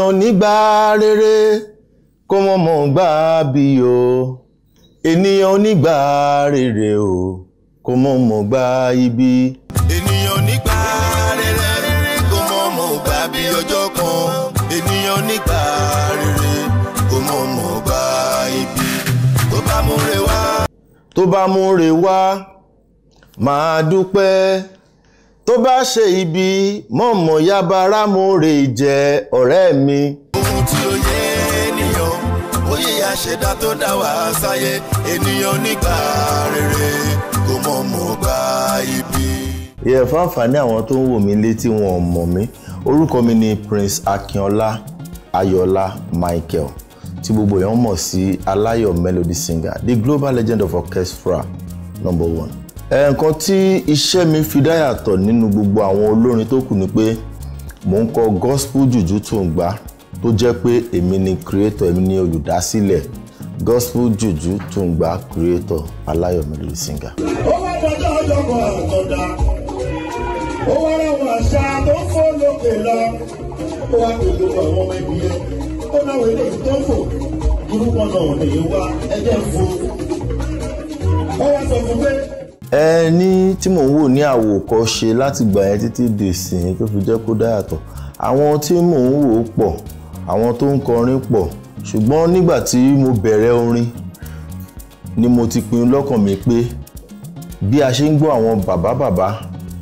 èèyàn nígbà rere kó mọ̀ mọ̀ gbà bí o ènìyàn nígbà rere o kó mọ̀ mọ̀ gbà ibi. ènìyàn nígbà rere kó mọ̀ mọ̀ gbà bí ọjọ́ kan ènìyàn nígbà rere kó mọ̀ mọ̀ gbà ibi tó bá múre wá. tó bá múre wá màá dúpẹ́ tó bá ṣe ibi mọ̀mọ́ yabara mo rè jẹ ọ̀rẹ́ mi. ohun tí ó yé ènìyàn ó yẹ àṣẹdá tó dá wá sáyé ènìyàn nígbà rere kò mọ̀ mọ̀ gba ibi. ìyẹn àǹfààní àwọn tó ń wò mí létí wọn ò mọ̀ mí orúkọ mi ni Prince Akínọlá Ayọ̀ọlá Michael tí gbogbo èèyàn mọ̀ sí Aláyọ̀ melody singer the global legend of orchestra number one nǹkan tí iṣẹ́ mi fi dá yàtọ̀ nínú gbogbo àwọn olórin tó kù ni pé mò ń kọ gospel jùjú tùǹgbá tó jẹ́ pé èmi ni creator èmi ni olùdásílẹ̀ gospel jùjú tùǹgbá creator Ọláyọ̀mí lórí ó wá kọjá ọjọ́ kan ó wá ráwọn àṣà tó fọ́ lókè lọ ó wá pẹ̀lú àwọn ọmọ ẹbí ó náwó ilé ìtọ́fò irú wọn náà wá ẹgbẹ́ fún un ó wá sọ fún pé ẹni tí mò ń wò ní àwòkọ́ṣe láti gbà yẹn títí dèsìn tó fi jẹ́ kó dáyàtọ̀ àwọn tí mò ń wò pọ̀ àwọn tó ń kọrin pọ̀ ṣùgbọ́n nígbà tí mo bẹ̀rẹ̀ orin ni mo ti pinnu lọ́kàn mi pé bí a ṣe ń gbọ́ àwọn bàbá bàbá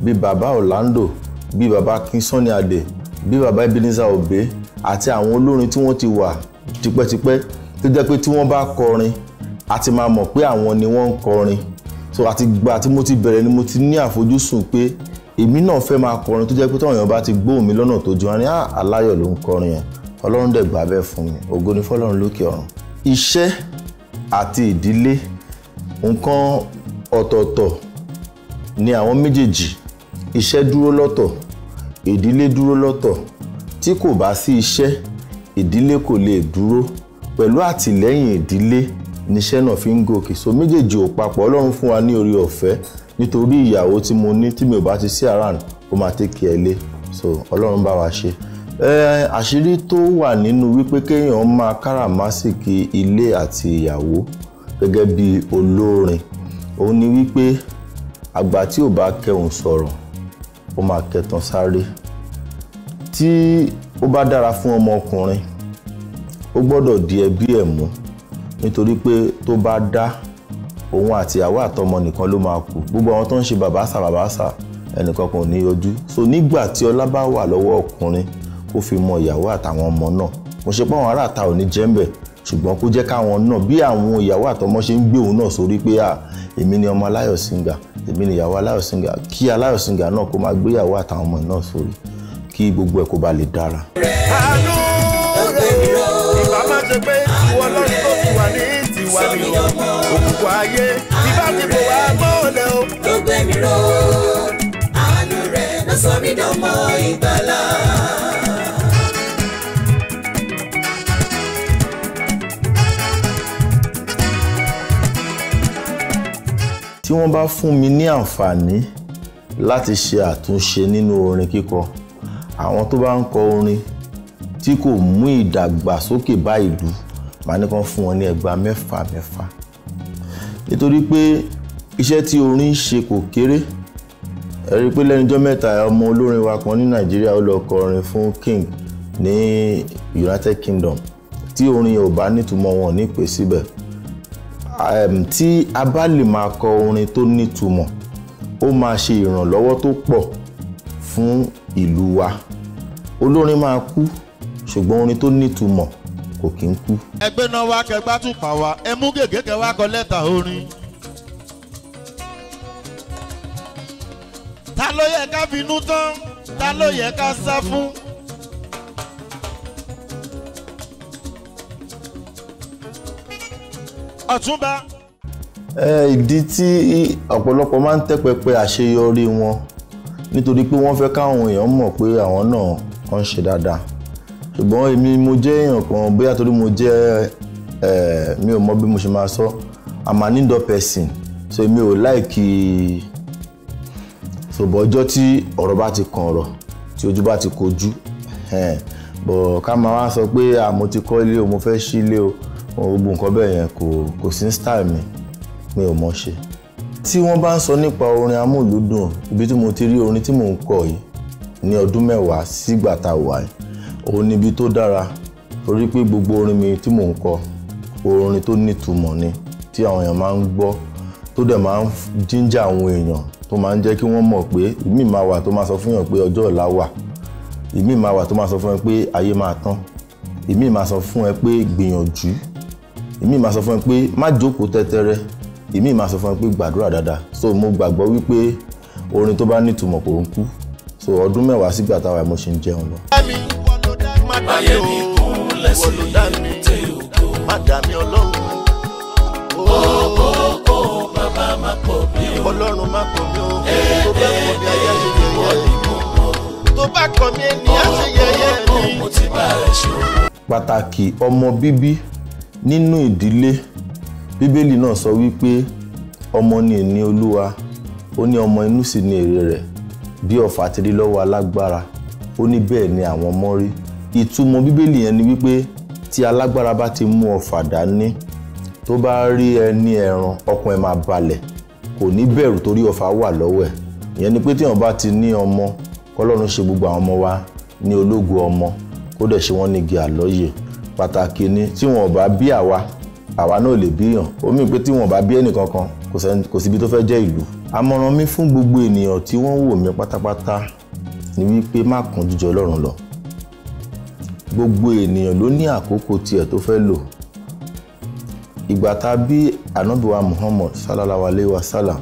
bíi bàbá Orlando bíi bàbá King Sunny Adé bíi bàbá Ebenezer Obey àti àwọn olórin tí wọ́n ti wà tipẹ́tipẹ́ tó jẹ́ pé tí wọ́n bá kọrin a ti máa mọ̀ pé àwọn ni wọ́n ń kọrin so àti gbà tí mo ti bẹ̀rẹ̀ ni mo ti ní àfojúsùn pé èmi náà fẹ́ máa kọrin tó jẹ́ pé táwọn èèyàn bá ti gbóhùn mi lọ́nà tó ju wọn ni ah, ló ń kọrin yẹn ọlọ́run dẹ̀ gbà bẹ́ẹ̀ fún mi ògo ni fọlọ́run lókè ọ̀run. iṣẹ́ àti ìdílé nǹkan ọ̀tọ̀ọ̀tọ̀ ni àwọn méjèèjì iṣẹ́ dúró lọ́tọ̀ ìdílé dúró lọ́tọ̀ tí kò bá sí iṣẹ́ ìdílé kò lè dúró pẹ̀lú àtìlẹ́yìn ìdílé níṣẹ́ náà fi ń gòkè so méjèèjì ò papọ̀ ọlọ́run fún wa ní orí ọ̀fẹ́ nítorí ìyàwó tí mo ní tí mi ò bá ti sí around ó máa tẹ́kì ẹ lé so ọlọ́run bá wa ṣe àṣírí tó wà nínú wípé kéèyàn máa káràmásìkì ilé àti ìyàwó gẹ́gẹ́ bí olórin òun ni wípé àgbà tí ò bá kẹun sọ̀rọ̀ ó máa kẹtàn sáré tí ó bá dára fún ọmọkùnrin ó gbọ́dọ̀ di ẹbí ẹ̀ mú nítorí pé tó bá dá òun àti ìyàwó àtọmọ nìkan ló máa kù gbogbo àwọn tó ń ṣe bàbáṣà bàbáṣà ẹnìkan kò ní yọjú so nígbà tí ọlá bá wà lọ́wọ́ ọkùnrin kó fi mọ ìyàwó àtàwọn ọmọ náà mo ṣe pé àwọn aráàta ò ní jẹ́ ń bẹ̀ ṣùgbọ́n kó jẹ́ káwọn náà bí àwọn ìyàwó àtọmọ ṣe ń gbé òun náà sórí pé èmi ni ọmọ Aláyọ̀ Singer èmi ni ìyàwó Aláyọ̀ Singer kí Aláyọ̀ Singer náà kó máa gbé ìyàwó àtàwọn ọmọ náà sórí kí gbogbo ẹ̀ kó ba lè dára. àánú rẹ̀ ìbá má ṣe pé ìwọ lọ́sọ̀ọ́ tiwa ní tiwa ní o òkùnkùn ayé tí bá ti bò wá mọ́lẹ̀ o. ló gbé mi ró àánú rẹ̀ ló sọ mí dánmọ́ ìgbàlà. tí wọ́n bá fún mi ní àǹfààní láti ṣe àtúnṣe nínú orin kíkọ àwọn tó bá ń kọ orin tí kò mú ìdàgbàsókè bá ìlú màá ní kàn fún wọn ní ẹgbàá mẹ́fà mẹ́fà nítorí pé iṣẹ́ tí orin ṣe kò kéré ẹ rí i pé lẹ́nu ọjọ́ mẹ́ta ọmọ olórin wa kan ní nàìjíríà ó lọ kọrin fún king ní united kingdom tí orin yẹn ò bá nítumọ̀ wọn ní pè síbẹ̀ tí a bá lè máa kọ orin tó nítumọ̀ ó máa ṣe ìrànlọ́wọ́ tó pọ̀ fún ìlú wa olórin máa kú ṣùgbọ́n orin tó nítumọ̀ kò kí ń kú. ẹgbẹ́ náà wá kẹgbá tún pa wá ẹ mú gègé kẹ wá kọ lẹ́tà orin. ta ló yẹ ká finú tán ta ló yẹ ká sá fún. ọ̀túnba. ìdí tí ọ̀pọ̀lọpọ̀ máa ń tẹ́pẹpẹ àṣeyọrí wọn nítorí pé wọ́n fẹ́ káwọn èèyàn mọ̀ pé àwọn náà kàn ń ṣe dáadáa ṣùgbọ́n èmi mo jẹ́ èèyàn kan bóyá torí mo jẹ́ mi ò mọ bí mo ṣe máa sọ i'm an indoor person so èmi ò láìkí ṣùgbọ́n ọjọ́ tí ọ̀rọ̀ bá ti kàn ọ̀rọ̀ tí ojú bá ti kojú bọ̀ ká máa wá sọ pé àmọ́ ti kọ́ ilé o mo fẹ́ ṣí ilé o gbogbo nǹkan bẹ́ẹ̀ yẹn kò kò sí style mi mi ò mọ̀ ṣe. tí wọ́n bá ń sọ nípa orin amúlùúdùn ibi tí mo ti rí orin tí mò ń kọ yìí ní ọdún mẹ́wàá sígbà tá a wà yìí òun níbi tó dára torí pé gbogbo orin mi tí mò ń kọ orin tó nítumọ̀ ni tí àwọn èèyàn máa ń gbọ́ tó dẹ̀ máa ń jíjà àwọn èèyàn tó máa ń jẹ́ kí wọ́n mọ̀ pé ìmí máa wà tó máa sọ fún yàn pé ọjọ́ ọ̀la wà ìmí máa wà tó máa sọ fún ẹ pé ayé máa tán ìmí máa sọ fún ẹ pé gbìyànjú ìmí máa sọ fún ẹ pé má jókòó tẹ́tẹ́rẹ́ ìmí máa sọ fún ẹ pé gbàdúrà dáadáa so mo gbàgbọ́ wípé orin tó bá nítumọ̀ kò ń kú so ọdún mẹ́wàá sígbà táwa mo ṣe ń jẹun lọ. ẹ̀mí ayé mi kúnlẹ̀ sí ètè ògo. má dà mí ọlọ́run. kókókó bàbá má pọ̀ mí o. ọlọ́run má pọ̀ mí o. tó bá pọ̀ mí ayé ṣe yẹ̀yẹ́ mi. tó bá kọ̀ mí ènìyàn ṣe ti bá ẹ ṣe. pàtàkì ọmọ bíbí nínú ìdílé bíbélì náà sọ wípé ọmọ ni ìní olúwa ó ní ọmọ inú sì ni èrè rẹ̀ bí ọ̀fà ti rí lọ́wọ́ alágbára ó ní bẹ́ẹ̀ ni àwọn ọmọ rí ìtumọ̀ bíbélì yẹn ni wípé tí alágbára bá ti mú ọfà dání tó bá rí ẹni ẹran ọkàn ẹ̀ máa balẹ̀ kò ní bẹ̀rù torí ọfà wà lọ́wọ́ ẹ̀ ìyẹn ni pé tí wọn bá ti ní ọmọ kọlọ́run ṣe gbogbo àwọn ọmọ wa ní ológun ọmọ kó dẹ̀ ṣe wọ́n ní igi àlọ́yè pàtàkì ni tí wọn ò bá bí àwa àwa náà lè bíyàn ó mì pé tí wọn bá bí ẹnìkankan kò síbi tó fẹ́ jẹ́ ìlú àmọ̀ràn mi fún gbogbo ènìyàn tí wọ́n wò mí pátápátá ni wípé má kún jíjẹ ọlọ́run lọ gbogbo ènìyàn ló ní àkókò tiẹ̀ tó fẹ́ lò ìgbà tá a bí anabiwa muhammad sallallahu alayhi wa sallam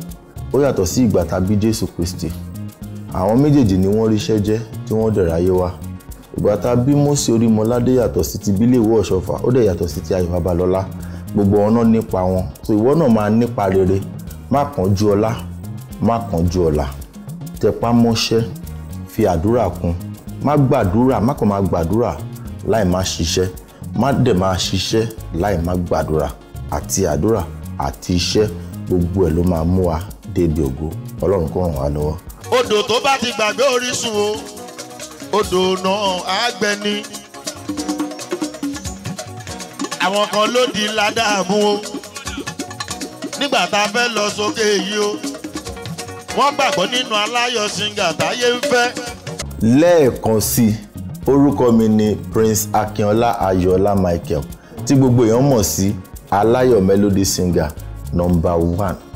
ó yàtọ̀ sí ìgbà tá a bí jésù kristi àwọn méjèèjì ni wọ́n ríṣẹ́ jẹ́ tí wọ́n dẹ̀rẹ̀ ayé wa ìgbà tá a bí mósè orímọládé yàtọ̀ sí ti bílẹ̀ ìwọ ọ̀ṣọ́fà ó dẹ̀ yàtọ̀ sí ti ayọ̀ babalọ́lá gbogbo ọ̀nà nípa wọn so ìwọ náà máa nípa rere má kánjú ọlá má kánjú ọlà tẹpá mọ́ṣẹ́ fi àdúrà kún má gbàdúrà má kàn má gbàdúrà láì má ṣiṣẹ́ má dẹ̀ má ṣiṣẹ́ láì má gbàdúrà àti àdúrà àti iṣẹ́ gbogbo ẹ̀ ló máa mú wa débi ògo ọlọ́run kó ràn wá lọ́wọ́. odò tó bá ti gbàgbé orísun o odò náà á gbẹ ni àwọn kan ló di ládàámú o nígbà tá a fẹ́ lọ sókè yìí o wọ́n gbàgbọ́ nínú aláyọ̀ singa táyé ń fẹ́. lẹ́ẹ̀kan sí i orúkọ mi ni Prince Akínọlá Ayọ̀ọlá Michael tí gbogbo èèyàn mọ̀ sí Aláyọ̀ Melody Singer number one.